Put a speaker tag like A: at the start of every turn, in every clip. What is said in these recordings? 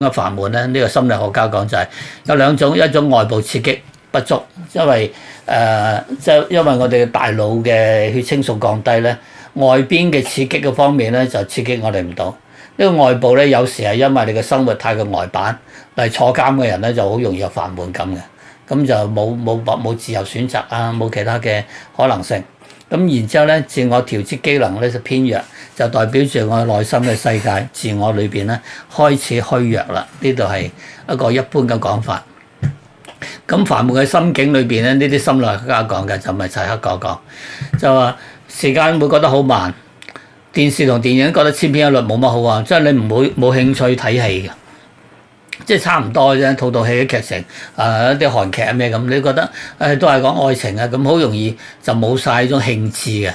A: 我煩悶咧，呢、這個心理學家講就係、是、有兩種，一種外部刺激不足，因為誒，即、呃、係、就是、因為我哋嘅大腦嘅血清素降低咧，外邊嘅刺激嘅方面咧就刺激我哋唔到。呢個外部咧有時係因為你嘅生活太過呆板，但係坐監嘅人咧就好容易有煩悶感嘅，咁就冇冇冇自由選擇啊，冇其他嘅可能性。咁然之後呢，自我調節機能呢就偏弱，就代表住我內心嘅世界、自我裏邊呢，開始虛弱啦。呢度係一個一般嘅講法。咁煩悶嘅心境裏邊呢，呢啲心理學家講嘅就唔係齊克果講嘅，就話時間會覺得好慢，電視同電影覺得千篇一律冇乜好啊，即係你唔會冇興趣睇戲嘅。即係差唔多啫，套套戲嘅劇情，誒、啊、一啲韓劇咩咁？你覺得誒、哎、都係講愛情啊？咁好容易就冇晒呢種興致嘅。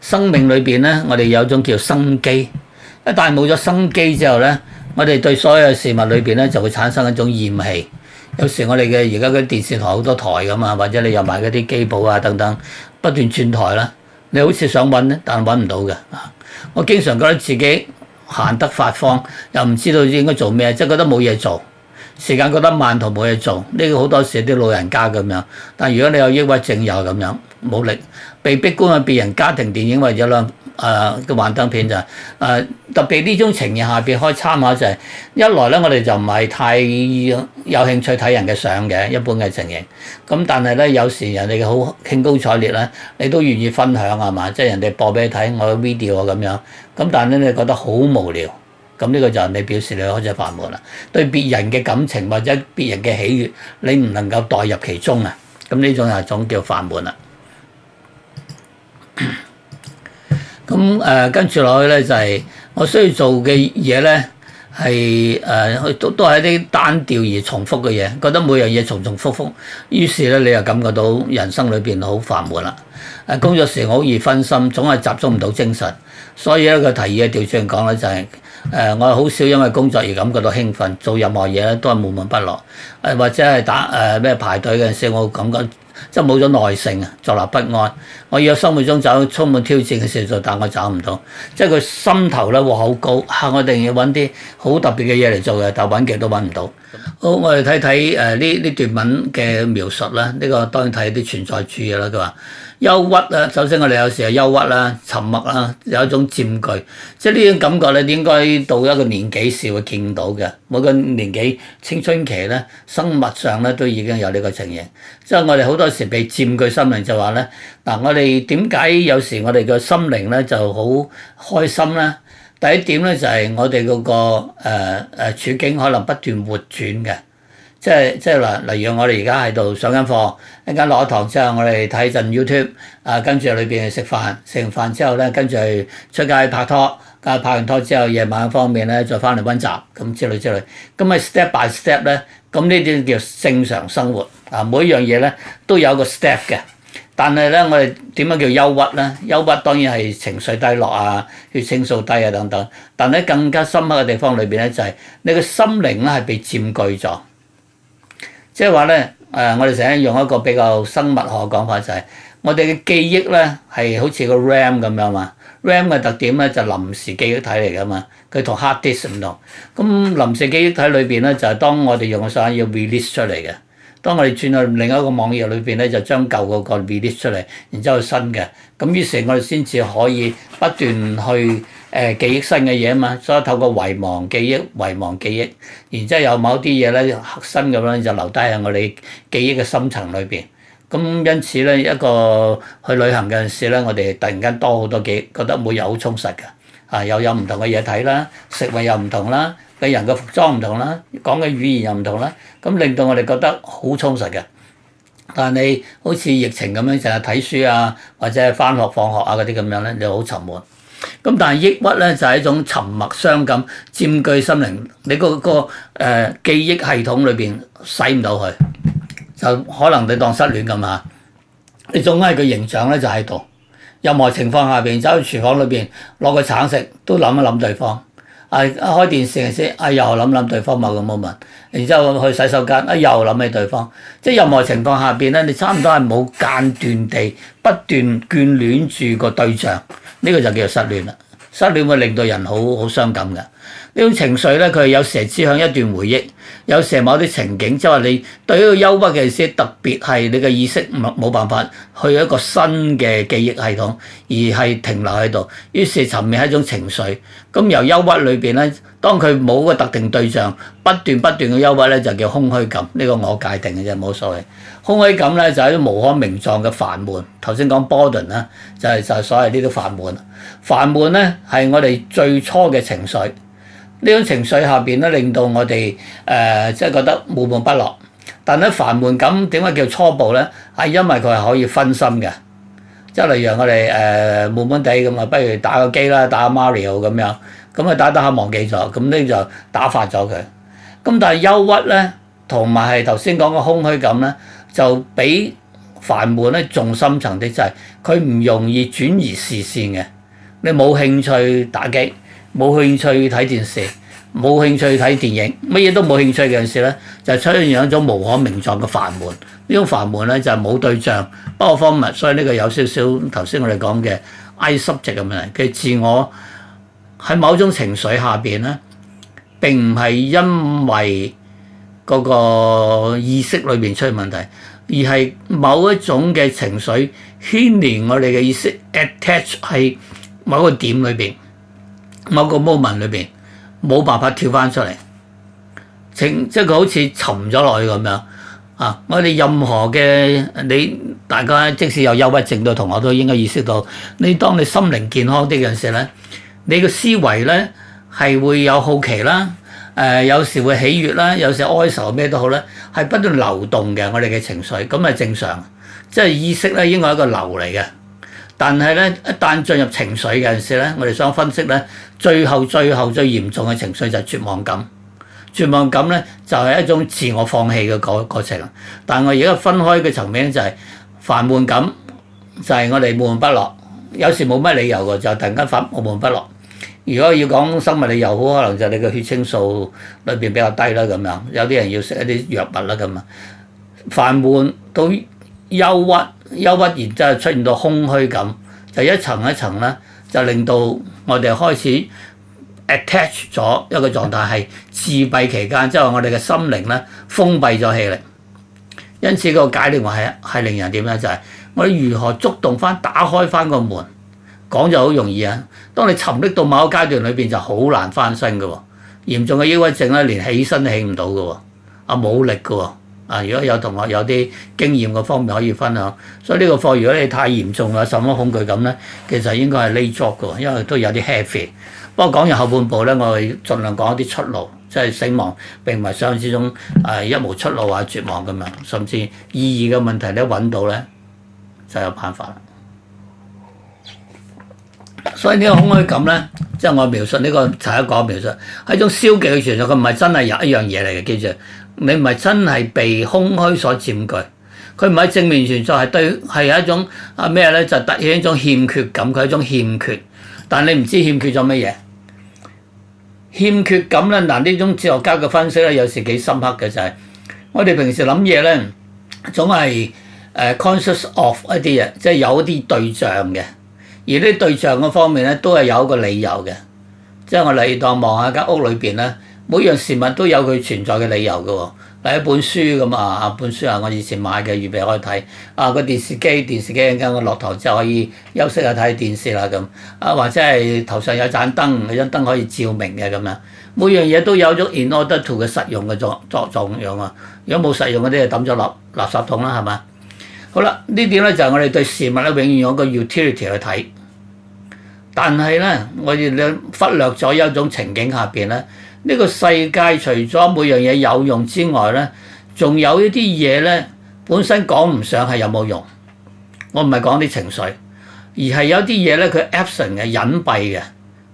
A: 生命裏邊咧，我哋有種叫生機，一旦冇咗生機之後咧，我哋對所有事物裏邊咧就會產生一種厭棄。有時我哋嘅而家嗰啲電視台好多台咁啊，或者你又買嗰啲機寶啊等等，不斷轉台啦。你好似想揾，但係揾唔到嘅。我經常覺得自己閒得發慌，又唔知道應該做咩，即係覺得冇嘢做。時間覺得慢，無冇嘢做，呢個好多時啲老人家咁樣。但如果你有抑鬱症又係咁樣，冇力，被逼觀看別人家庭電影或者兩誒、呃、幻燈片就誒、是呃。特別呢種情形下面，可以參考就係、是、一來咧，我哋就唔係太有興趣睇人嘅相嘅一般嘅情形。咁但係咧，有時人哋好興高采烈咧，你都願意分享係嘛？即係人哋播俾你睇，我 video 咁樣。咁但係咧，你覺得好無聊。咁呢個就係你表示你開始煩悶啦。對別人嘅感情或者別人嘅喜悅，你唔能夠代入其中啊。咁呢種係一種叫煩悶啦。咁誒、 呃、跟住落去咧就係、是、我需要做嘅嘢咧係誒，都都係一啲單調而重複嘅嘢，覺得每樣嘢重重複複，於是咧你又感覺到人生裏邊好煩悶啦。誒、呃、工作時好易分心，總係集中唔到精神，所以咧佢提議嘅，調轉嚟講咧就係、是。誒、呃，我好少因為工作而感覺到興奮，做任何嘢咧都係悶悶不樂，誒、呃、或者係打誒咩、呃、排隊嘅時候，我感覺即係冇咗耐性啊，坐立不安。我要喺生活中找充滿挑戰嘅時就，但我找唔到，即係佢心頭咧會好高嚇、啊，我一定要揾啲好特別嘅嘢嚟做嘅，但揾極都揾唔到。好，我哋睇睇誒呢呢段文嘅描述啦，呢、這個當然睇啲存在主義啦，佢話。憂鬱啦，首先我哋有時係憂鬱啦、沉默啦，有一種佔據，即係呢種感覺咧，應該到一個年紀時會見到嘅。每個年紀，青春期呢，生物上呢都已經有呢個情形，即係我哋好多時被佔據心靈就話呢：「嗱我哋點解有時我哋嘅心靈呢就好開心呢？」第一點呢、那個，就係我哋嗰個誒誒處境可能不斷活轉嘅。即係即係，例例如我哋而家喺度上緊課，課一陣間落咗堂之後，我哋睇陣 YouTube，啊跟住裏邊食飯，食完飯之後咧，跟住出街拍拖，啊，拍完拖之後，夜晚方面咧再翻嚟温習咁之類之類，咁咪 step by step 咧，咁呢啲叫正常生活啊。每一樣嘢咧都有個 step 嘅，但係咧我哋點樣叫憂鬱咧？憂鬱當然係情緒低落啊，血清素低啊等等，但係更加深刻嘅地方裏邊咧，就係、是、你個心靈咧係被佔據咗。即係話呢，誒，我哋成日用一個比較生物學嘅講法，就係，就係我哋嘅記憶呢係好似個 RAM 咁樣嘛。RAM 嘅特點呢，就臨時記憶體嚟㗎嘛，佢同 hard disk 唔同。咁臨時記憶體裏邊呢，就係當我哋用晒要 release 出嚟嘅，當我哋轉去另一個網頁裏邊呢，就將舊嗰個 release 出嚟，然之後新嘅。咁於是，我哋先至可以不斷去。誒記憶新嘅嘢啊嘛，所以透過遺忘記憶、遺忘記憶，然之後有某啲嘢咧，核心咁樣就留低喺我哋記憶嘅深層裏邊。咁因此咧，一個去旅行嗰陣時咧，我哋突然間多好多記憶，覺得每日好充實嘅。啊，又有唔同嘅嘢睇啦，食物又唔同啦，個人嘅服裝唔同啦，講嘅語言又唔同啦，咁、嗯、令到我哋覺得好充實嘅。但你好似疫情咁樣，成日睇書啊，或者係翻學放學啊嗰啲咁樣咧，你好沉悶。咁但係抑鬱呢，就係、是、一種沉默傷感，佔據心靈，你嗰、那個誒、那個呃、記憶系統裏邊洗唔到佢，就可能你當失戀咁嚇。你總係個形象呢，就喺度，任何情況下邊，走去廚房裏邊攞個橙食都諗一諗對方，啊開電視先，啊又諗諗對方嘛某個 moment，然之後去洗手間，啊又諗起對方，即係任何情況下邊咧，你差唔多係冇間斷地不斷眷戀住個對象。呢個就叫做失戀啦，失戀會令到人好好傷感嘅。呢種情緒呢，佢有時指向一段回憶，有時某啲情景，即係話你對於憂鬱嘅意識特別係你嘅意識冇冇辦法去一個新嘅記憶系統，而係停留喺度，於是沉湎喺一種情緒。咁由憂鬱裏邊呢，當佢冇個特定對象，不斷不斷嘅憂鬱呢，就叫空虛感。呢個我界定嘅啫，冇所謂。空虛感咧就係啲無可名狀嘅煩悶。頭先講 Borden 啦，就係就係所謂呢啲煩悶。煩悶咧係我哋最初嘅情緒。呢種情緒下邊咧令到我哋誒即係覺得悶悶不樂。但係煩悶感點解叫初步咧？係因為佢係可以分心嘅，即係例如我哋誒悶悶地咁啊，不如打個機啦，打 Mario 咁樣，咁啊打打下忘記咗，咁呢就打發咗佢。咁但係憂鬱咧，同埋係頭先講嘅空虛感咧。就比煩悶咧仲深層啲，就係佢唔容易轉移視線嘅，你冇興趣打機，冇興趣睇電視，冇興趣睇電影，乜嘢都冇興趣嘅陣時咧，就出現一種無可名狀嘅煩悶。呢種煩悶咧就係冇對象，包括方物，所以呢個有少少頭先我哋講嘅 isolation 嘅問題，佢自我喺某種情緒下邊咧，並唔係因為。嗰個意識裏邊出現問題，而係某一種嘅情緒牽連我哋嘅意識 attach 喺某個點裏邊，某個 moment 裏邊冇辦法跳翻出嚟。即係佢好似沉咗落去咁樣啊！我哋任何嘅你大家，即使有憂鬱症嘅同學，都應該意識到，你當你心靈健康啲嘅時候咧，你嘅思維咧係會有好奇啦。誒、呃、有時會喜悅啦，有時哀愁咩都好咧，係不斷流動嘅我哋嘅情緒，咁啊正常。即係意識咧應該係一個流嚟嘅，但係咧一旦進入情緒嘅時候咧，我哋想分析咧，最後最後最嚴重嘅情緒就係絕望感。絕望感咧就係一種自我放棄嘅過過程。但我而家分開嘅層面就係、是、煩悶感，就係我哋悶悶不樂，有時冇乜理由嘅就突然間發悶悶不樂。如果要講生物理又好，可能就係你嘅血清素裏邊比較低啦咁樣，有啲人要食一啲藥物啦咁啊，煩悶到憂鬱，憂鬱然之後出現到空虛感，就一層一層咧，就令到我哋開始 attach 咗一個狀態係自閉期間，即係我哋嘅心靈咧封閉咗起嚟。因此個解聯話係令人點咧？就係我哋如何觸動翻、打開翻個門？講就好容易啊！當你沉溺到某個階段裏邊，就好難翻身嘅喎。嚴重嘅抑鬱症咧，連起身都起唔到嘅喎，啊冇力嘅喎。啊，如果有同學有啲經驗嘅方面可以分享，所以呢個課如果你太嚴重啦，什麼恐懼感咧，其實應該係 late drop 嘅喎，因為都有啲 heavy。不過講完後半部咧，我會盡量講一啲出路，即係死亡並唔係想像之中誒一無出路啊絕望咁樣，甚至意義嘅問題咧你揾到咧就有辦法啦。所以呢個空虛感呢，即係我描述呢個查一講描述係一種消極嘅存在，佢唔係真係有一樣嘢嚟嘅，記住。你唔係真係被空虛所佔據，佢唔係正面存在，係對係一種啊咩呢？就凸顯一種欠缺感，佢係一種欠缺，但你唔知欠缺咗乜嘢。欠缺感呢。嗱呢種哲學家嘅分析呢，有時幾深刻嘅就係我哋平時諗嘢呢，總係誒 conscious of 一啲嘢，即係有一啲對象嘅。而啲對象嗰方面呢，都係有一個理由嘅。即係我嚟當望下間屋裏邊呢，每樣事物都有佢存在嘅理由嘅。例如一本書咁啊，一本書啊，我以前買嘅預備可以睇。啊，個電視機，電視機一陣間我落堂之後就可以休息下睇電視啦咁。啊，或者係頭上有盞燈，有盞燈可以照明嘅咁樣。每樣嘢都有咗 in order to 嘅實用嘅作作作用啊。如果冇實用嗰啲，就抌咗落垃圾桶啦，係嘛？好啦，呢點咧就係我哋對事物咧永遠有個 utility 去睇，但係咧我哋忽略咗有一種情景下邊咧，呢個世界除咗每樣嘢有用之外咧，仲有一啲嘢咧本身講唔上係有冇用。我唔係講啲情緒，而係有啲嘢咧佢 absent 嘅隱蔽嘅，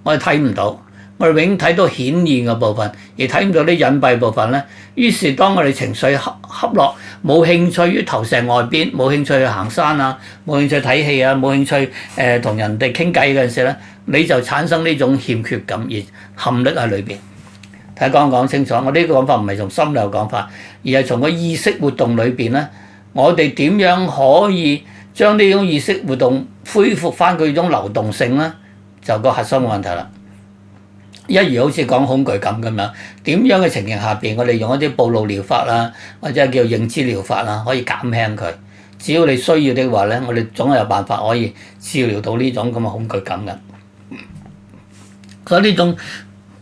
A: 我哋睇唔到。我哋永遠睇到顯現嘅部分，而睇唔到啲隱蔽部分呢，於是當我哋情緒恰瞌落，冇興趣於投射外邊，冇興趣去行山啊，冇興趣睇戲啊，冇興趣誒同人哋傾偈嗰陣時咧，你就產生呢種欠缺感而陷入喺裏邊。睇講講清楚，我呢個講法唔係從心理講法，而係從個意識活動裏邊呢，我哋點樣可以將呢種意識活動恢復翻佢種流動性呢，就個核心嘅問題啦。一如好似講恐懼感咁樣，點樣嘅情形下邊，我哋用一啲暴露療法啦，或者叫認知療法啦，可以減輕佢。只要你需要的話呢，我哋總係有辦法可以治療到呢種咁嘅恐懼感嘅。所以呢種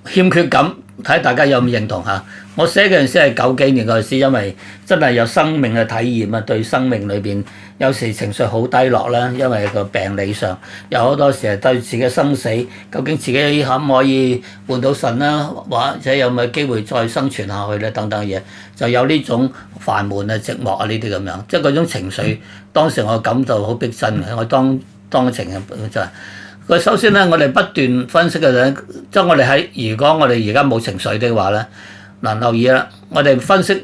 A: 欠缺感，睇大家有冇認同吓。我寫嗰陣時係九幾年嗰陣時，因為真係有生命嘅體驗啊！對生命裏邊，有時情緒好低落啦，因為個病理上有好多時係對自己生死，究竟自己可唔可以換到腎咧，或者有冇機會再生存下去咧，等等嘢，就有呢種煩悶啊、寂寞啊呢啲咁樣，即係嗰種情緒。當時我感到好逼真嘅，我當當情嘅本在。佢首先咧，我哋不斷分析嘅咧，即係我哋喺如果我哋而家冇情緒的話咧。嗱，留意啦！我哋分析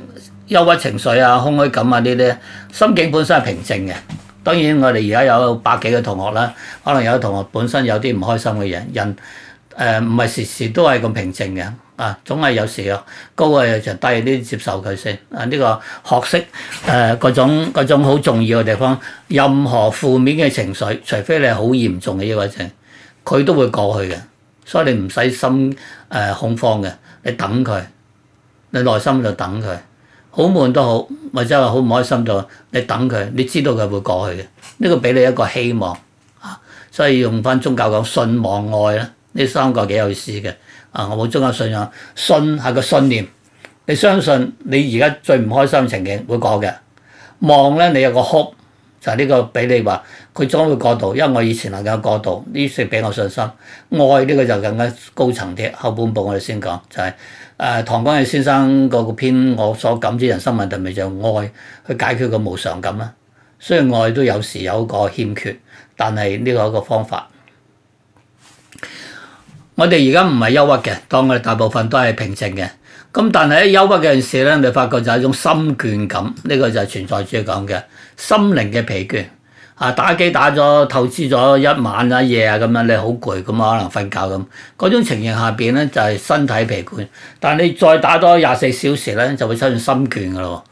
A: 憂鬱情緒啊、空虛感啊呢啲心境本身係平靜嘅。當然，我哋而家有百幾個同學啦，可能有同學本身有啲唔開心嘅嘢，人誒唔係時時都係咁平靜嘅啊，總係有時啊高，啊有時低啲，接受佢先啊。呢、這個學識誒各種各種好重要嘅地方，任何負面嘅情緒，除非你係好嚴重嘅憂鬱症，佢都會過去嘅，所以你唔使心誒、呃、恐慌嘅，你等佢。你內心就等佢，好悶都好，或者話好唔開心都，你等佢，你知道佢會過去嘅，呢、這個俾你一個希望啊。所以用返宗教講信望愛咧，呢三個幾有意思嘅。啊，我冇宗教信仰，信係個信念，你相信你而家最唔開心情景會過嘅。望呢，你有個哭就係、是、呢個俾你話佢將會過度。因為我以前能夠過度，呢先俾我信心。愛呢個就更加高層啲，後半部我哋先講就係、是。誒，唐君毅先生嗰個篇，我所感知人生問題，咪就係、愛去解決個無常感啦。雖然愛都有時有個欠缺，但係呢個係一個方法。我哋而家唔係憂鬱嘅，當我哋大部分都係平靜嘅。咁但係喺憂鬱嗰陣時呢，你發覺就係一種心倦感，呢、這個就係存在主義講嘅心靈嘅疲倦。啊！打機打咗，透支咗一晚啊夜啊咁樣，你好攰咁可能瞓覺咁嗰種情形下邊呢，就係身體疲倦。但係你再打多廿四小時呢，就會出現心倦噶咯。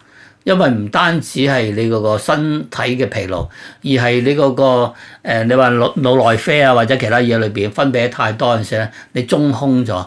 A: 因為唔單止係你嗰個身體嘅疲勞，而係你嗰個誒，你話腦腦內啡啊或者其他嘢裏邊分泌得太多嗰陣時咧，你中空咗。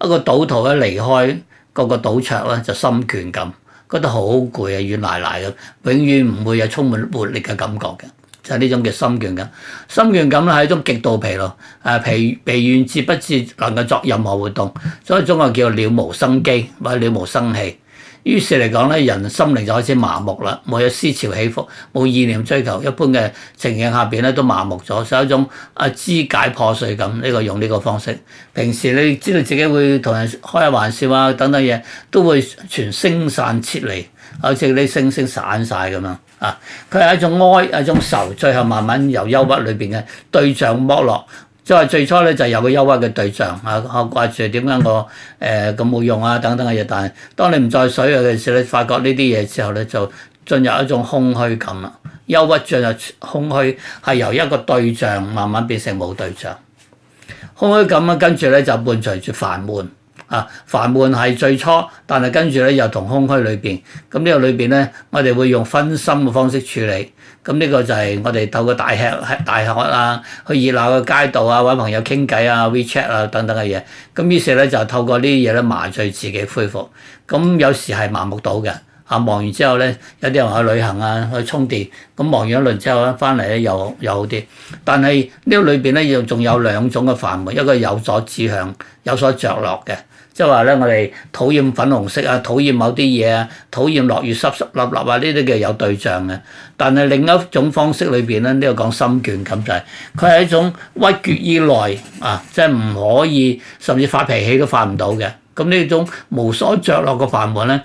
A: 一個賭徒一離開個個賭場呢，就心倦咁，覺得好攰啊，軟賴賴咁，永遠唔會有充滿活力嘅感覺嘅。就呢種嘅心倦感，心倦感咧係一種極度疲勞，誒疲疲倦至不至能夠作任何活動，所以一種叫了無生機或者了無生氣。於是嚟講咧，人心靈就開始麻木啦，冇有思潮起伏，冇意念追求，一般嘅情形下邊咧都麻木咗，係一種啊肢解破碎感。呢個用呢個方式，平時你知道自己會同人開下玩笑啊等等嘢，都會全星散撤離，好似啲星星散晒咁樣。啊！佢係一種哀，一種愁，最後慢慢由憂鬱裏邊嘅對象剝落。即係最初呢，就有個憂鬱嘅對象啊，掛住點解我唉，咁冇用啊等等嘅嘢。但係當你唔再水嘅時候，你發覺呢啲嘢之後呢，就進入一種空虛感啦。憂鬱進入空虛，係由一個對象慢慢變成冇對象，空虛感啦。跟住呢，就伴隨住煩悶。啊，煩悶係最初，但係跟住咧又同空虛裏邊，咁呢個裏邊咧，我哋會用分心嘅方式處理。咁、這、呢個就係我哋透過大吃大喝啊，去熱鬧嘅街道啊，揾朋友傾偈啊，WeChat 啊等等嘅嘢。咁於是咧就透過呢啲嘢咧麻醉自己恢復。咁有時係麻木到嘅。啊，忙完之後咧，有啲人去旅行啊，去充電。咁忙完一輪之後咧，翻嚟咧又又好啲。但係呢個裏邊咧又仲有兩種嘅煩悶，一個係有所指向、有所着落嘅。即係話咧，我哋討厭粉紅色啊，討厭某啲嘢啊，討厭落雨濕濕立立啊，呢啲叫有對象嘅。但係另一種方式裏邊咧，呢、呢個講心倦咁就係，佢係一種屈決於內啊，即係唔可以，甚至發脾氣都發唔到嘅。咁呢種無所着落嘅煩悶咧，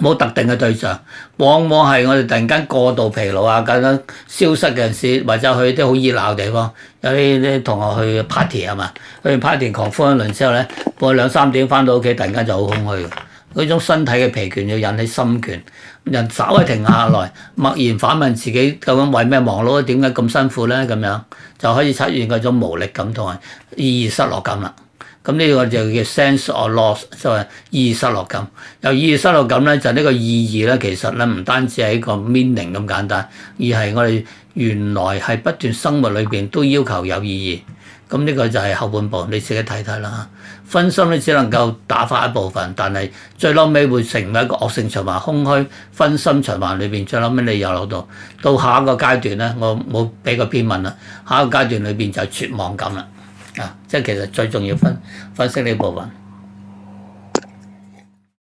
A: 冇特定嘅對象，往往係我哋突然間過度疲勞啊，咁樣消失嗰陣時，或者去啲好熱鬧嘅地方，有啲啲同學去 party 係嘛，去 party 狂歡一輪之後咧，過兩三點返到屋企，突然間就好空虛，嗰種身體嘅疲倦要引起心倦，人稍微停下來，默然反問自己究竟為咩忙碌，點解咁辛苦咧？咁樣就可以出現嗰種無力感同埋意義失落感啦。咁呢個就叫 sense or loss，就係意義失落感。有意義失落感呢，就呢個意義呢，其實呢唔單止係一個 meaning 咁簡單，而係我哋原來係不斷生活裏邊都要求有意義。咁呢個就係後半部，你自己睇睇啦。分心呢只能夠打發一部分，但係最撚尾會成為一個惡性循環，空虛、分心循環裏邊，最撚尾你又攞到到下一個階段呢，我冇俾個篇文啦，下一個階段裏邊就絕望感啦。啊，即係其實最重要分分析呢部分。